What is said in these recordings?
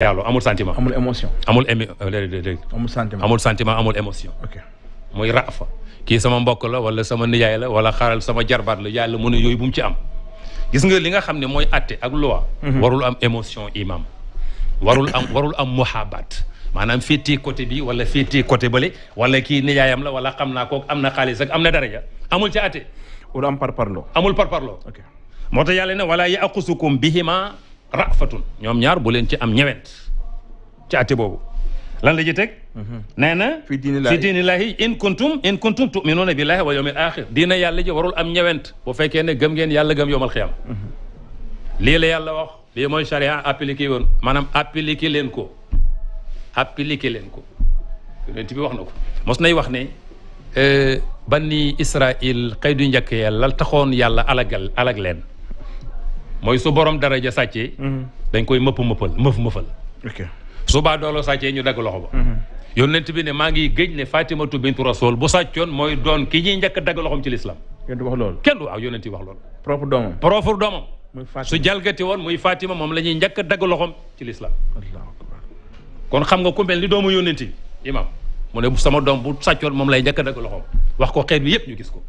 yàlla amul sentiment amul émotion. amul émi léeg-léeg amul sentiment amul sentiment amul émotion. ok muy raafa kii sama mbokk la wala sama nijaay la wala xaaral sama jarbaat la yàlla mu ne yooyu bu mu ci am. gis nga li nga xam ne mooy àtte ak loi. warul am émotion imam warul am warul am muhabbat maanaam féetee côté bi wala féetee côté bële wala kii nijaayam la wala xam naa kook am na xaalis ak am na daraja amul ci àtte. wala am parparloo amul parparloo. ok moo tax yàlla ne wala yaqusukum bihima rafatun ñoom ñaar bu leen ci am ñewent ci àtte boobu lan la ci teg mhm. nee na fi diinillaahi in kuntum in kuntum tuminuuna billaahi wa yawmil axir diina yàlla ji warul am ñewent bu fekkee ne gëm ngeen yàlla gëm yowmal xiyam mhm. lii la yàlla wax lii mooy charia appliqué woon maanaam appliqué leen ko appliqué leen ko yonent wax na ko mos nay wax ne euh, banni israil xëy du njëkk yàlla taxoon yàlla alagal alag leen mooy su borom daraja sàccee. Mhm. dañ koy mëpp mëppal mëf mëfal. ok su baa doolo sàccee ñu dagg loxo ba. Mhm. yónneent bi ne maa ngi géej ne Fatimatu bintu Rasul bu sàccoon mooy doon ki ñuy njëkk dagg loxoom ci lislaam wax loolu kenn du waaw wax loolu. propre doomam propre doomam. su jalgati woon muy Fatima moom la ñuy njëkk dagg loxoom ci lislaam kon xam nga ku mel ni doomu yónneent yi imam mu ne sama doom bu sàccoon moom lay njëkk dagg loxoom wax ko xeet bi yëpp ñu gis ko.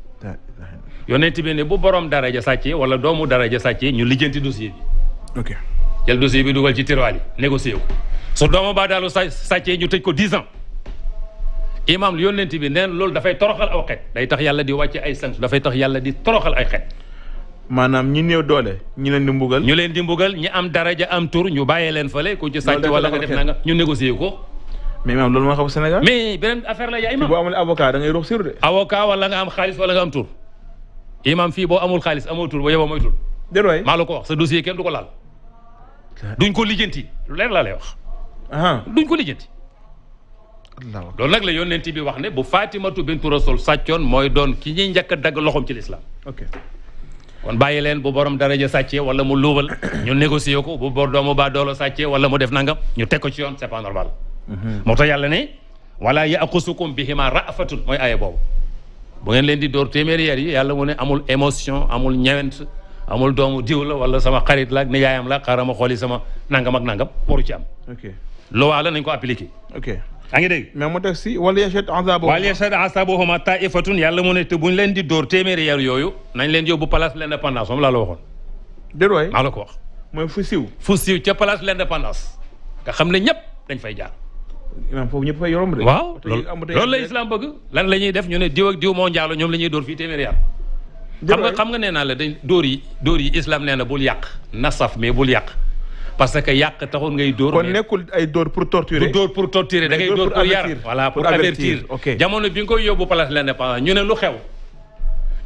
yonent bi ne bu borom daraja sàccee wala doomu daraja sàccee ñu lijjanti dossier bi. ok jël bi dugal ci tiroir yi négocier wu. su doomu baa daalu sa sàccee ñu tëj ko 10 ans imaam yonent bi neen loolu dafay toroxal aw xet day tax yàlla di wàcce ay sanction dafay tax yàlla di toroxal ay xet. maanaam ñi néew doole ñi leen di mbugal. ñu leen di mbugal ñi am daraja am tur ñu bàyyee leen fële ku ci sàcc wala nga def na nga ñu négocier ko. mais imaam loolu moo xam Sénégal. mais beneen affaire la yaa imaam. boo amul wala nga am xaalis wala nga am tur. imaam fii boo amul xaalis amoo tur ba yow mooy tur. déedéet maa la ko wax sa dossier kenn du ko laal. duñ ko lijjanti lu leer laa wax. duñ ko lijjanti. loolu nag la yonent bi wax ne bu Fatimatu bintu Rasul sàccoon mooy doon ki ñuy njëkk dagg loxoom ci lislaam ok kon bàyyi leen bu borom daraja sàccee wala mu luubal ñu négocier ko bu bor doomu baa doolo sàccee wala mu def nangam ñu teg ko ci yoon c'est pas mhm. moo tax yàlla ne wala yaqusukum bihima ra'fatun mooy aaya boobu. bu ngeen leen di door téeméeri yar yi yàlla mu ne amul émotion amul ñewent amul doomu diw la wala sama xarit la ak yaayam la xaaral ma xooli sama nangam ak nangam waru ci am. ok loi la nañ ko appliqué. ok yaa ngi dégg. wala yashhad azaabahum wala yashhad azaabahum taifatun yàlla mu ne te buñ leen di door téeméeri yar yooyu nañ leen yóbbu place de l'indépendance moom laa la waxoon. déedéet ko mooy fu siiw. fu siiw ca place de l'indépendance nga xam la ñëpp dañ fay jaar. imaam foofu ñëpp fay yomb de. waaw loolu la islam bëgg lan la ñuy def ñu ne diw ak diw moo njaalo ñoom la ñuy dóor fii téeméeri at xam nga nee naa la dañ dóor yi dóor yi islam nee na bul yàq nasaf mais bul yàq parce que yàq taxul ngay dóor nekkul ay dóor pour torturer du pour torturer da ngay dóor pour yar voilà pour avertir bi nga koy yóbbu place l'indépendance ñu ne lu xew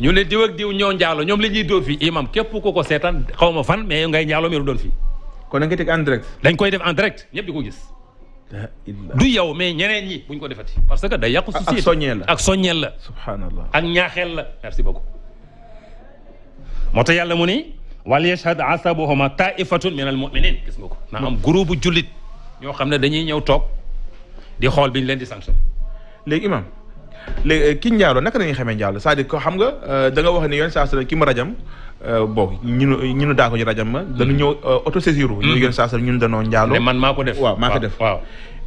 ñu ne diw ak diw ñoo njaalo ñoom la ñuy dóor fii imam képp ku ko seetaan xaw ma fan mais ngay njaalo meeru doon fii kon da nga koy teg en dañ koy def en direct ñëpp ko gis du yow mais ñeneen ñi buñ ko defati parce que day yàqu société ak soññeel la ak soññeel la subhanallah ak ñaaxeel la merci beaucoup tax yàlla mu ni wal yashhad asabuhuma taifatun min al muminin gis nga ko naa am groupe bu jullit ñoo xam ne dañuy ñëw toog di xool biñ leen di sanction léegi le euh, ki njaalo naka nañu xamee njaalo cest à ko xam nga euh, da nga wax ne yoon saa sala ki mu rajam euh, bon ñu nu ñu daa ko ñu rajam ma dañu ñëw autosaisir u hmm. ñu yoon saa sala ñun danoo njaalo man maa ko def waaw maa ko def waaw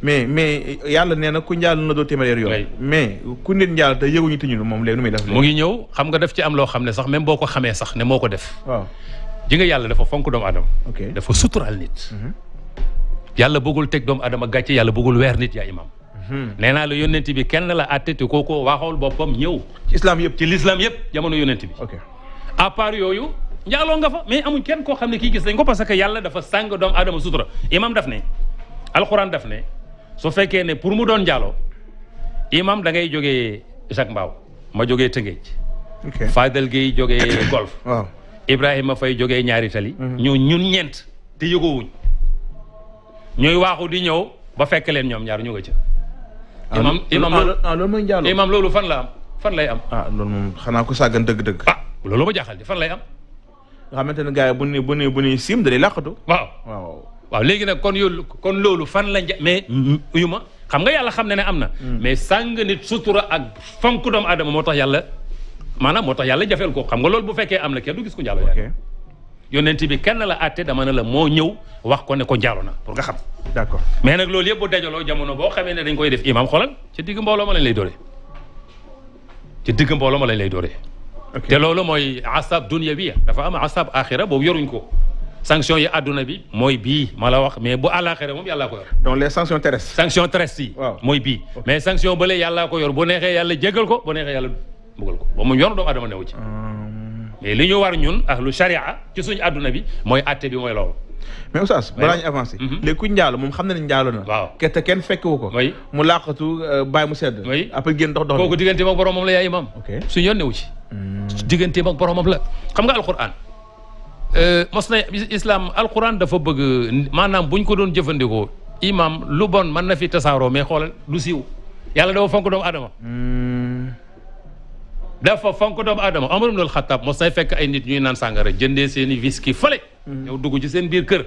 mais mais yàlla nee na ku njaalo na doo téeméer yoon mais ku nit njaalo te yëguñu tiñu moom léegi nu muy def mu ngi ñëw xam nga def ci am loo xam ne sax même boo ko xamee sax ne moo ko def waaw ji yàlla dafa fonk doomu adama dafa suturaal nit mhm. yàlla bëggul teg doomu adama gàcce yàlla bëggul weer nit yaa mam Hmm. nee naa la yónnent bi kenn la àtte te kooko waxool boppam ñëw. ci islam yëpp ci l'islam yëpp jamono yónnent bi. ok à yooyu. njaaloo nga fa mais amuñ kenn koo xam ne kii gis nañ ko parce que yàlla dafa sàng doomu aadama sutura imam daf ne alxuraan daf ne su fekkee ne pour mu doon njaaloo imam da ngay jógee Jacques Mbao ma jógee Tëngéej Fadel Gueye jógee golf waaw Ibrahima fay jógee ñaari tali mhm. ñu ñun ñeent te yëgoowuñ ñooy waaxu di ñëw ba fekk leen ñoom ñaar ñu nga ca imam imam loolu mooy njaaloo imam loolu fan la am fan lay am ah, loolu moom xanaa ko sàggan dëgg-dëgg ah loolu ma jaaxal di fan lay am nga xamante ne gaa yi bu ni bu ni bu ni sim da di waaw waaw waaw léegi nag kon yoolu kon loolu fan la mais mm-hmm. yu ma xam nga yàlla xam ne ne am na mm-hmm. mais sàng nit sutura ak fonk doomu aadama moo tax yàlla maanaam moo tax yàlla jafeel ko xam nga loolu bu fekkee am na kenn du gis ko njaaloo yonent bi kenn la àtte dama ne la moo ñëw wax ko ne ko njaalo na pour nga xam. d'accord mais nag loolu yëpp bu dajaloo jamono boo xamee ne dañ koy def imam xoolal ci digg mbooloo ma lañ lay dooree ci digg mbooloo ma lañ lay dooree. te loolu mooy asab dunya bi dafa am asab axira boobu yoruñ ko. sanction yi àdduna bi mooy bii ma la wax mais bu àllaaxira moom yàllaa ko yor. donc les sanctions terrestres. sanctions terrestres yi. waaw ko yor bu neexee yàlla jégal ko bu neexee yàlla bëggal ko ba mu yor doomu adama newu ci. Ah. mais li ñu war ñun ahlu sharia ci suñu àdduna bi mooy àtte bi mooy loolu. mais oustaz balaa ñu avancé. Mhm. léegi ku njaalo moom xam na ne njaalo na. waaw te kenn fekkewu ko. mu laqatu euh, bàyyi mu sedd. oui après génn dox dox kooku digganteem ak boromam la yaay imam. ok su yónnee wu ci. Hmm. digganteem ak boromam la xam nga alquran. Euh, mos na islam alquran dafa bëgg maanaam bu ñu ko doon jëfandikoo imam lu bon mën na fi tasaaroo mais xoolal du siiw yàlla dafa fonk doomu aadama. Hmm. dafa fonko doomu aadama Omar ibn al-Khattab moo say fek ay nit ñuy nan sangara jëndee seen whisky fële. ñëw mhm. dugg ci seen biir kër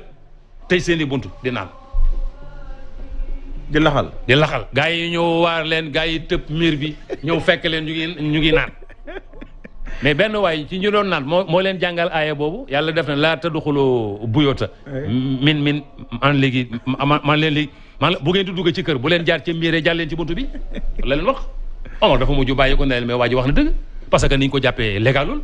tey seen buntu di nan di laxal di laxal. gaay yi ñëw waar leen gaay yi tëb miir bi ñëw fekk leen ñu ngi ñu ngi nan mais ben way ci ñu doon nan mo leen jangal bobu yalla def na la tadkhulu buyota eh. min min man legi man leen li man bu ngeen di dugg ci kër bu leen jaar ci mire leen ci buntu bi la leen wax. Omar oh, dafa mujj bàyyi ko ne mais waa ji wax na dëgg parce que ni ko jàppee légalul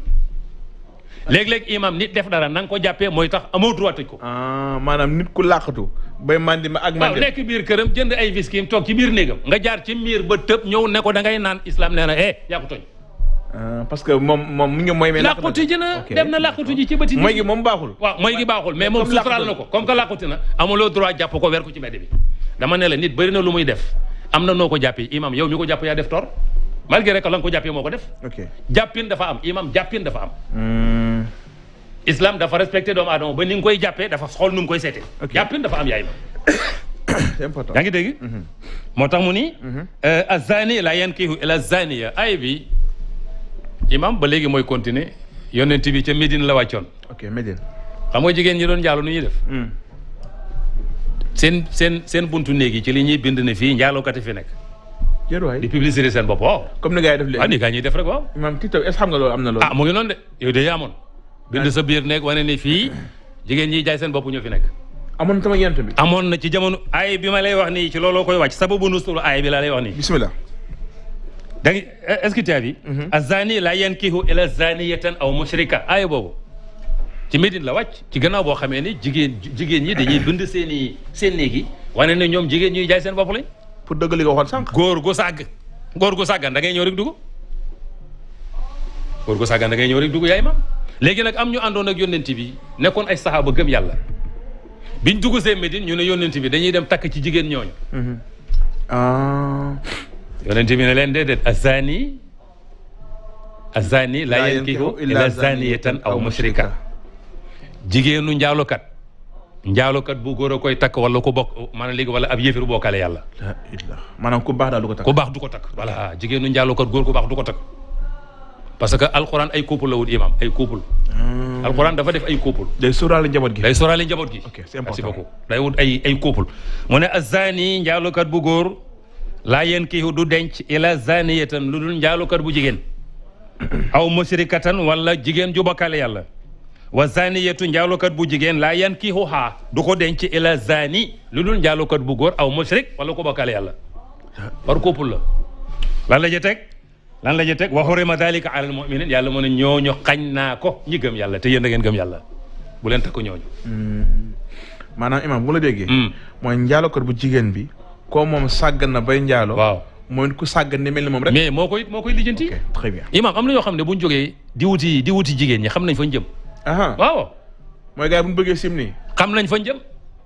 léeg-léeg imam nit def dara na nga ko jàppee mooy tax amoo droit a ko. Ah, maanaam nit ku làqatu bay mandi ma ak. mandi nekk biir këram jënd ay viskim toog ci biir néegam. nga jaar ci miir ba tëb ñëw ne ko da ngay naan islam nee na eh yaa ko ah, que moom moom mu ngi mooy. mais làqutu ji na dem na làqutu ji ci bëti. mooy gi moom baaxul. waaw mooy ko comme que làqutu na. amuloo droit jàpp ko weer ko ci mbedd bi dama ne la nit bëri na lu muy def am na noo ko jàppee imam yow mi ko jàpp yaa def tort malgré que la ko jàppee moo ko def. ok jàppin dafa am imam jàppin dafa am. Hmm. islam dafa respecté doomu aadama ba ni nga koy jàppee dafa xool nu mu koy seetee. jàppin dafa am yaay ma. yaa ngi dégg. Mhm. moo tax mu ni. Mhm. Euh, azani la yankihu ila zaniya ay bi imam ba léegi mooy continuer yonent bi ca Médine la wàccoon. ok Médine. xam nga jigéen ñi doon jàll nu ñuy def. Hmm. seen seen seen buntu néegi ci li ñuy bind ne fii njaalookat fi nekk. jërëjëf di publicité seen bopp waaw. comme ni gars yi def ah, rek waaw. xam nga loolu am na loolu. ah mu ngi noonu de yow de yaa amoon. Ah. bind sa biir nekk wane ni fii jigéen ñi jaay seen bopp ñoo fi nekk. amoon tamit yent bi. amoon na ci jamono ay bi ma lay wax nii ci looloo koy wàcc sababu nusul ay bi laa lay wax nii. bismillah. da nga est-ce que tu as vu. Mm-hmm. azani la yankihu ila zaniyatan aw mushrika ay boobu. ci Médine la wàcc ci gannaaw boo xamee ni jigéen jigéen ñi dañuy bind seeni i seen néeg yi wane ne ñoom jigéen ñuy jaay seen bopp lañ. pour dëgg sànq. góor gu sàgg góor gu sàggan da ñëw rek dugg góor gu sàggan da ngay ñëw rek dugg yaay ma léegi nag am ñu àndoon ak yónnent bi nekkoon ay saxaaba gëm yàlla biñ dugg see Médine ñu ne yónnent bi dañuy dem takk ci jigéen ñooñu. Mhm. Ah. yónnent bi ne leen déedéet azani azani la yankihu illa zaniyatan aw mushrika jigéenu njaalokat njaalokat bu góor a koy takk wala ku bokk maanaam léegi wala ab yéefiru bokkaale yàlla. maanaam ku baax daal du ko takk. ku baax du ko takk voilà jigéenu njaalokat góor ku baax du ko takk parce que alxuraan ay couple la wut imam ay couple. Ah. alxuraan dafa def ay couple. day sóoraale njaboot gi day sóoraale njaboot gi. ok c'est important merci beaucoup day wut ay ay couple. mu ne azani njaalokat bu góor laa yéen kii du denc ila zaniyatan lu dul njaalokat bu jigéen aw musrikatan wala jigéen ju bokkaale yàlla. wa zaniyatu njaalokat bu jigéen laa yan kii xuxaa du ko denc ila zani lu dul njaalokat bu góor aw mushrik wala ko bokkal yàlla war couple la lan la ñu teg lan la ñu teg wa xurima dalika alal muminin yàlla mu ne ñooñu xañ naa ko ñi gëm yàlla te yéen da ngeen gëm yàlla bu leen takk ñooñu hmm. maanaam imam bu la déggee hmm. mooy njaalokat bu jigéen bi ko moom sàggan na bay njaalo waaw mooy ku sàggan ne mel ni moom rek mais moo koy moo koy lijjanti très bien imam am na yoo xam ne buñ jógee di wuti di jigéen ñi xam nañ fañ jëm waaw. mooy gars yi bu ñu bëggee sim nii. xam nañ fañ jëm.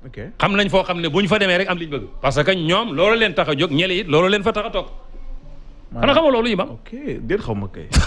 ok xam nañ foo xam ne bu ñu fa demee rek am li bëgg. parce que ñoom loolu leen tax a jóg ñele it loolu leen fa tax a toog. xanaa xamoo loolu imam ok déet xaw ma kay.